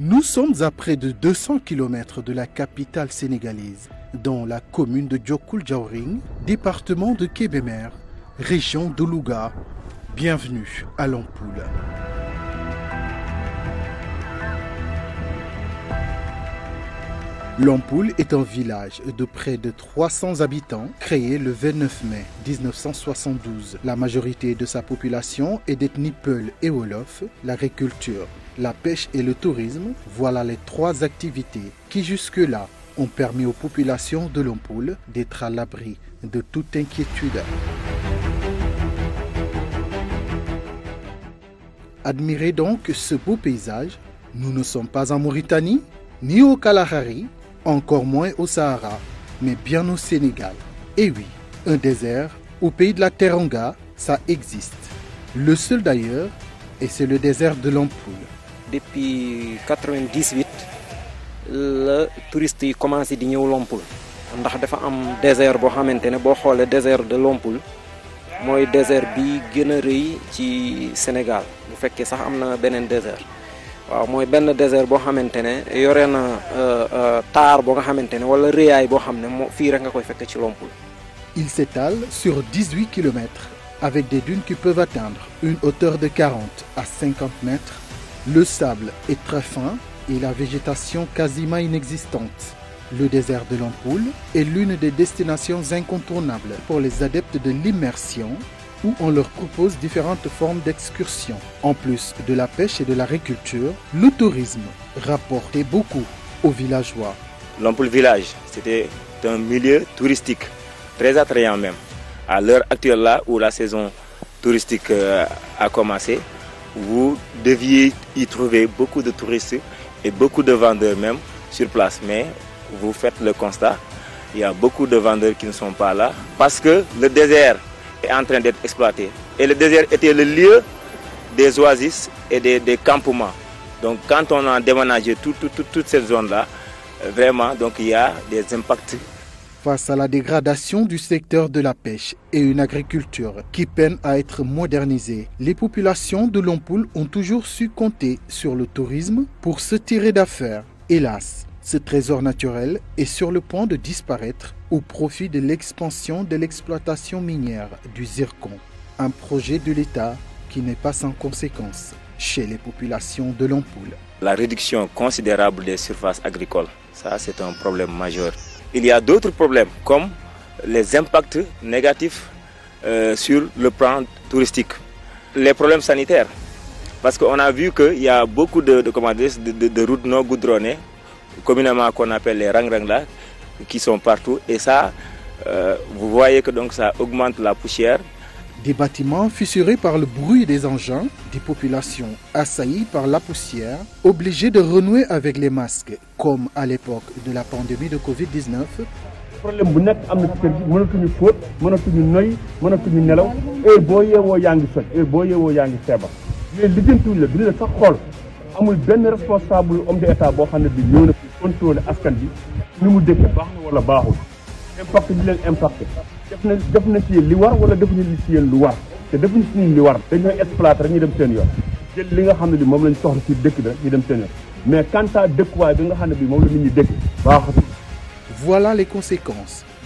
Nous sommes à près de 200 km de la capitale sénégalaise, dans la commune de Diokoul-Djaoring, département de Kébémer, région de Louga. Bienvenue à l'Ampoule. L'Ampoule est un village de près de 300 habitants créé le 29 mai 1972. La majorité de sa population est d'ethnie Peul et Wolof. L'agriculture, la pêche et le tourisme, voilà les trois activités qui jusque-là ont permis aux populations de l'Ampoule d'être à l'abri de toute inquiétude. Admirez donc ce beau paysage. Nous ne sommes pas en Mauritanie ni au encore moins au Sahara, mais bien au Sénégal. Et oui, un désert, au pays de la Teranga, ça existe. Le seul d'ailleurs, et c'est le désert de l'Ampoule. Depuis 98, la touriste yi commencé di ñëw Lompoul ndax dafa am désert boo xamante ne boo xoolee désert de Lompoul mooy désert bi gën a rëy ci Sénégal bu fekkee sax am na beneen désert waaw mooy benn désert boo xamante ne yore na euh, euh, taar boo nga xamante ne wala réyaay boo xam ne moo fii rek nga koy fekke ci Lompoul. Il s'étale sur 18 kilomètres avec des dunes qui peuvent atteindre une hauteur de 40 à 50 mètres. Le sable est très fin et la végétation quasiment inexistante. Le désert de Lompoul et l'une des destinations incontournables pour les adeptes de l'immersion où on leur propose différentes formes d'excursion. En plus de la pêche et de l'agriculture, le tourisme rapportait beaucoup aux villageois. L'Ampoule Village, c'était un milieu touristique, très attrayant même. À l'heure actuelle là où la saison touristique euh, a commencé, vous deviez y trouver beaucoup de touristes et beaucoup de vendeurs même sur place. Mais vous faites le constat, il y a beaucoup de vendeurs qui ne sont pas là parce que le désert est en train d'être exploité. Et le désert était le lieu des oasis et des, des campements. Donc quand on a déménagé tout, tout, tout, cette zone-là, euh, vraiment, donc il y a des impacts. Face à la dégradation du secteur de la pêche et une agriculture qui peine à être modernisée, les populations de Lompoul ont toujours su compter sur le tourisme pour se tirer d'affaires. Hélas, ce trésor naturel est sur le point de disparaître au profit de l'expansion de l'exploitation minière du zircon, un projet de l'État qui n'est pas sans conséquences chez les populations de l'Ampoule. La réduction considérable des surfaces agricoles, ça c'est un problème majeur. Il y a d'autres problèmes comme les impacts négatifs euh, sur le plan touristique, les problèmes sanitaires, parce qu'on a vu qu'il y a beaucoup de, de routes non goudronnées communément qu'on appelle les rang-rang là, qui sont partout. Et ça, euh, vous voyez que donc ça augmente la poussière. Des bâtiments fissurés par le bruit des engins, des populations assaillies par la poussière, obligées de renouer avec les masques, comme à l'époque de la pandémie de Covid-19. problème bu nekk am na ci kër gi mënatuñu fóot mënatuñu noy mënatuñu nelaw heure boo yeewoo yaa ngi soj heure boo yeewoo yaa ngi feebar la duñu la sax xool amul benn responsable homme d'État boo xam ne contrôler askan bi ni mu dëkkee baax na wala baaxul impact bi leen impacté def na def na ci yéen li war wala defuñu ni si yeen lu war te defuñu ci ñun li war dañooy exploité rek ñu dem seen yoon jël li nga xam ne bi moom lañ soxla si dëkk da rek dem seen yoon mais quant à dëkkuwaay bi nga xam ne bi moom la nit ñi dëkk baaxatul voilà les conséquences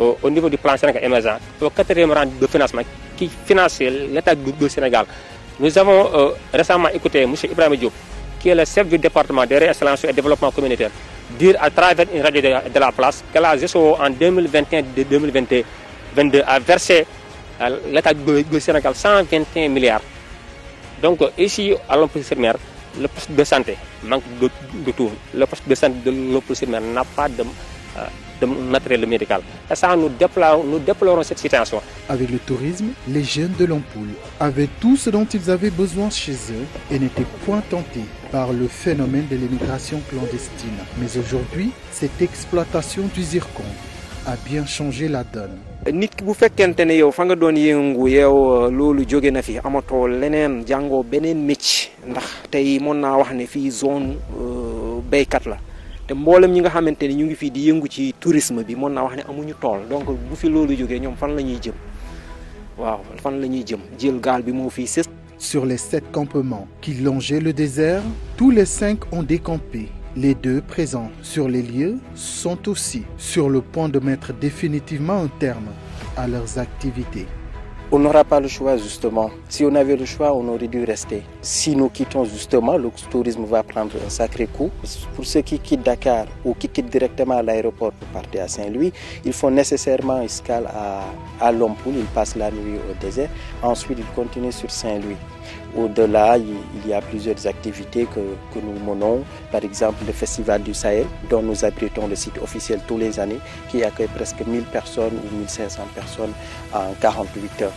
au niveau du plan Sénégal émergent, au quatrième rang de financement qui finance l'État du, Sénégal. Nous avons euh, récemment écouté M. Ibrahim Diop, qui est le chef du département de réinstallation et développement communautaire, dire à travers une radio de, de la place que la GSO en 2021-2022 a versé à euh, l'État du, Sénégal 121 milliards. Donc ici, à lompoul sur mer le poste de santé manque de, de tout. Le poste de santé n'a pas de... Euh, de matériel médical. Et ça, nous déplorons, nous déplorons cette situation. Avec le tourisme, les jeunes de l'Ampoule avaient tout ce dont ils avaient besoin chez eux et n'étaient point tentés par le phénomène de l'immigration clandestine. Mais aujourd'hui, cette exploitation du zircon a bien changé la donne. nit ki bu fekkente ne yow fa nga doon yëngu yow euh, loolu jóge na fi amatoo leneen jàngoo beneen métier ndax tey mën naa wax ne fii zone euh, béykat la. te mboolem ñi nga xamante ni ñu ngi fii di yëngu ci tourisme bi mën na wax ni amuñu tool donc bu fi loolu jógee ñoom fan la ñuy jëm waaw fan la ñuy jëm jël gaal bi moo fii sës Sur les sept campements qui longeaient le désert, tous les cinq ont décampé. Les deux présents sur les lieux sont aussi sur le point de mettre définitivement un terme à leurs activités. On n'aura pas le choix justement. Si on avait le choix, on aurait dû rester. Si nous quittons justement, le tourisme va prendre un sacré coup. Pour ceux qui quittent Dakar ou qui quittent directement l'aéroport pour partir à Saint-Louis, ils font nécessairement escale à, à Lompoul, ils passent la nuit au désert, ensuite ils continuent sur Saint-Louis. Au-delà, il y a plusieurs activités que, que, nous menons, par exemple le Festival du Sahel, dont nous abritons le site les années, qui accueille presque 1000 personnes ou 1500 personnes en 48 heures.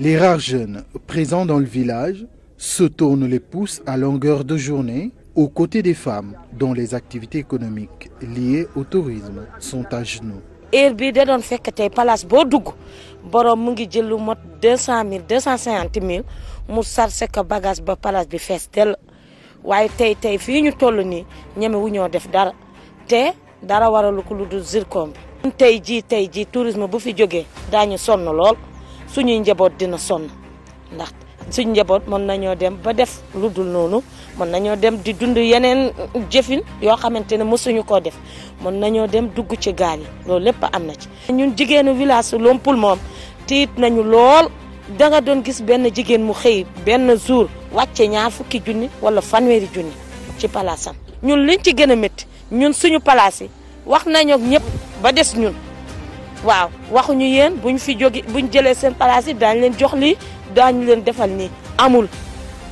Les rares jeunes présents dans le village se tournent les pouces à longueur de journée aux côtés des femmes dont les activités économiques liées au tourisme heure bii da doon fekk tey place boo dugg borom mu ngi jël lu mot deux cent mille deux cent cinquante mu sarse ko bagage ba place bi fees dell waaye tey tey fii ñu toll nii ñeme wu ñoo def dara te dara waralu ko lu dul zircon bi. tey jii tey jii tourisme bu fi jógee daañu sonn lool suñuy njaboot dina sonn ndax suñu njaboot mën nañoo dem ba def lu dul noonu. mën nañoo dem di dund yeneen jëfin yoo xamante ne mësuñu koo def mën nañoo dem dugg ci gaal yi loolu lépp am na ci. ñun jigéenu village su Lompoul moom tiit nañu lool danga doon gis benn jigéen mu xëy benn jour wàcce ñaar fukki junni wala fanweeri junni ci palaasam. ñun liñ ci gën a métti ñun suñu palaas yi wax nañoo ñëpp ba des ñun waaw waxuñu yéen buñ fi jóge buñ jëlee seen palaas yi daañu leen jox lii daañu leen defal ni amul.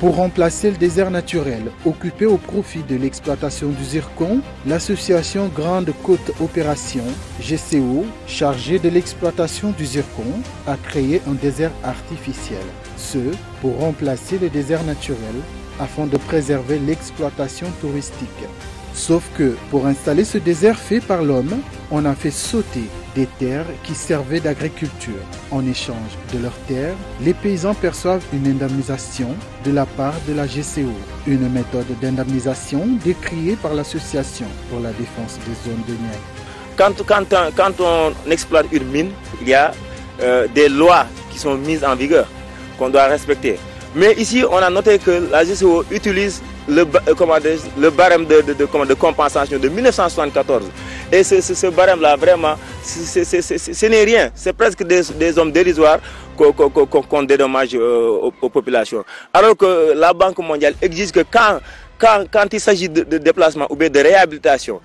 Pour remplacer le désert naturel occupé au profit de l'exploitation du zircon, l'association Grande Côte Opération, GCO, chargée de l'exploitation du zircon, a créé un désert artificiel. Ce, pour remplacer le désert naturel afin de préserver l'exploitation touristique. Sauf que pour installer ce désert fait par l'homme, on a fait sauter des terres qui servaient d'agriculture. En échange de leurs terres, les paysans perçoivent une indemnisation de la part de la GCO, une méthode d'indemnisation décriée par l'Association pour la défense des zones de Niaï. Quand, quand, quand, on exploite une mine, il y a euh, des lois qui sont mises en vigueur qu'on doit respecter. Mais ici, on a noté que la GCO utilise le, euh, comment le barème de, de, de, comment, de compensation de 1974. Et ce, ce, là vraiment, ce n'est rien. C'est presque des, des, hommes dérisoires qu'on qu dédommage euh, aux, populations. Alors que la Banque mondiale exige que quand, quand, quand il s'agit de, de déplacement ou bien de réhabilitation,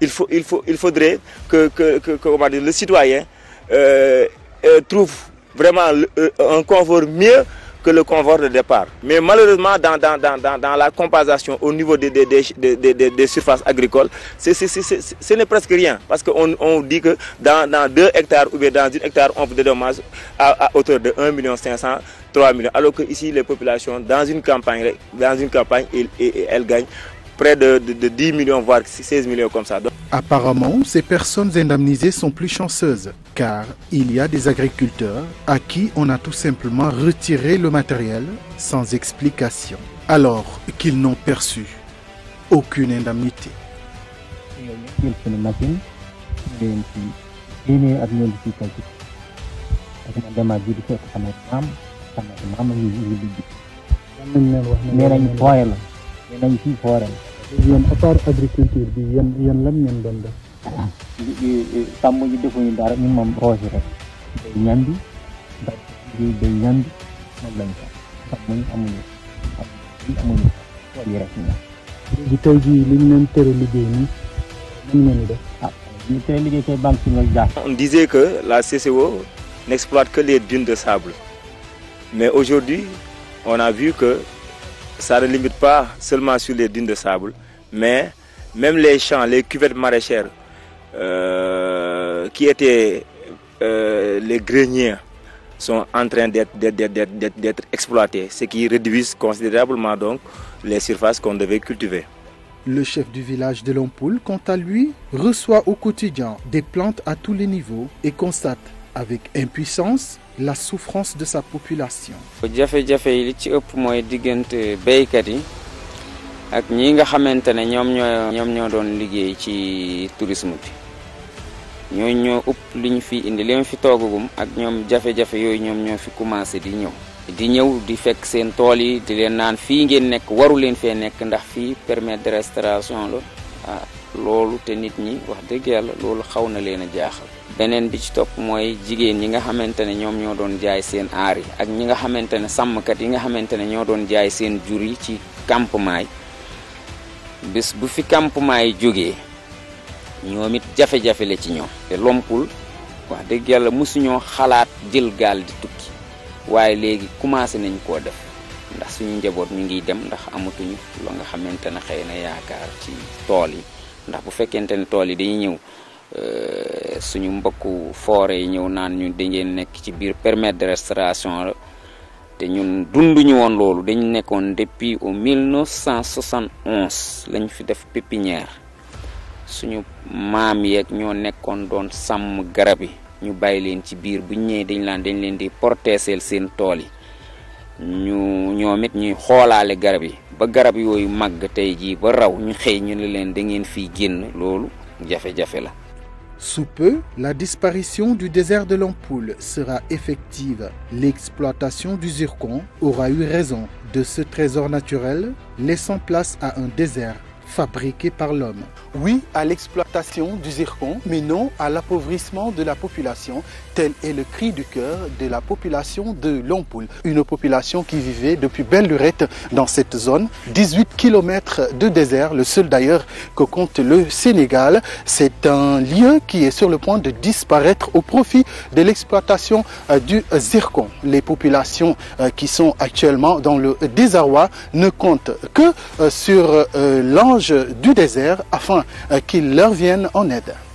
il, faut, il, faut, il faudrait que, que, que comment dire, le citoyen euh, euh, trouve vraiment euh, un confort mieux que le convoi de départ. Mais malheureusement, dans, dans, dans, dans la compensation au niveau des, des, des, des surfaces agricoles, ce n'est presque rien. Parce qu'on dit que dans, 2 hectares ou bien dans 1 hectare, on peut dédommager à, à hauteur de 1 500 3 millions. Alors que ici, les populations, dans une campagne, elles gagnent près de, de, de 10 millions, voire 16 millions comme ça. Donc... Apparemment, ces personnes indemnisées sont plus chanceuses, car il y a des agriculteurs à qui on a tout simplement retiré le matériel sans explication, alors qu'ils n'ont perçu aucune indemnité. yéen à part agriculture bi yéen yéen lan ngeen doon def. sàmm yi defuñu dara ñun moom roose rek day ñandi ndax lii day ñandi moom lañ ko sàmm yi amuñu ak amuñu tool yi rek ñu léegi tey jii li ñu leen tere liggéey ni lan ngeen ah, ñu tere liggéey kay banque si nga jaar. on disait que la CCO n'exploite que les dunes de sable mais aujourd'hui on a vu que ça ne limite pas seulement sur les dunes de sable, mais même les champs, les cuvettes maraîchères euh, qui étaient euh, les greniers sont en train d'être exploités, ce qui réduit considérablement donc les surfaces qu'on devait cultiver. Le chef du village de Lompoul, quant à lui, reçoit au quotidien des plantes à tous les niveaux et constate avec impuissance la souffrance de sa population. jafe-jafe yi li ci ëpp mooy diggante béykat yi ak ñi nga xamante ne ñoom ñoo ñoom ñoo doon liggéey ci tourisme bi ñooy ñoo ëpp li ñu fi indi li fi toogagum ak ñoom jafe-jafe yooyu ñoom ñoo fi commencé di ñëw. di ñëw di fekk seen tool yi di leen naan fii ngeen nekk waru leen fee nekk ndax fii permis de restauration la ah loolu te nit ñi wax dëgg yàlla loolu xaw na leen a jaaxal. beneen bi ci topp mooy jigéen ñi nga xamante ne ñoom ñoo doon jaay seen aar yi ak ñi nga xamante ne sàmmkat yi nga xamante ne ñoo doon jaay seen jur yi ci campement yi bés bu fi campement yi jógee ñoom it jafe-jafe la ci ñoom te lompul wax dëgg yàlla mosuñoo xalaat jël gaal di tukki waaye léegi commencé nañ koo def ndax suñu njaboot ñu ngi dem ndax amatuñu la nga xamante ne xëy na yaakaar ci tool yi ndax bu fekkente ne tool yi dañuy ñëw Euh, suñu mbokk foore yi ñëw naan ñu da nekk ci biir permis de restauration te ñun dunduñu woon loolu dañ nekkoon depuis au 1971 lañ fi def pépinière suñu maam yeeg ñoo nekkoon doon sàmm garab yi ñu bàyyi leen ci biir bu ñëwee dañ laan dañ leen di porteeseel seen tool yi ñu ñoom it ñuy xoolaale garab yi ba garab yooyu màgg tey jii ba raw ñu xëy ñu ne leen da ngeen fiy génn loolu jafe-jafe la Sous peu, la disparition du désert de l'ampoule sera effective. L'exploitation du zircon aura eu raison de ce trésor naturel, laissant place à un désert fabriqué par l'homme. Oui l'exploitation du zircon, à l'appauvrissement de la population. Tel le cri du de la population de Lompoul, une population qui vivait depuis belle lurette dans cette zone. 18 km de désert, le seul d'ailleurs que le Sénégal. C'est un lieu qui est sur le point de disparaître au profit de l'exploitation euh, du zircon. Les populations euh, qui sont actuellement dans le désarroi ne comptent que euh, viennent en aide.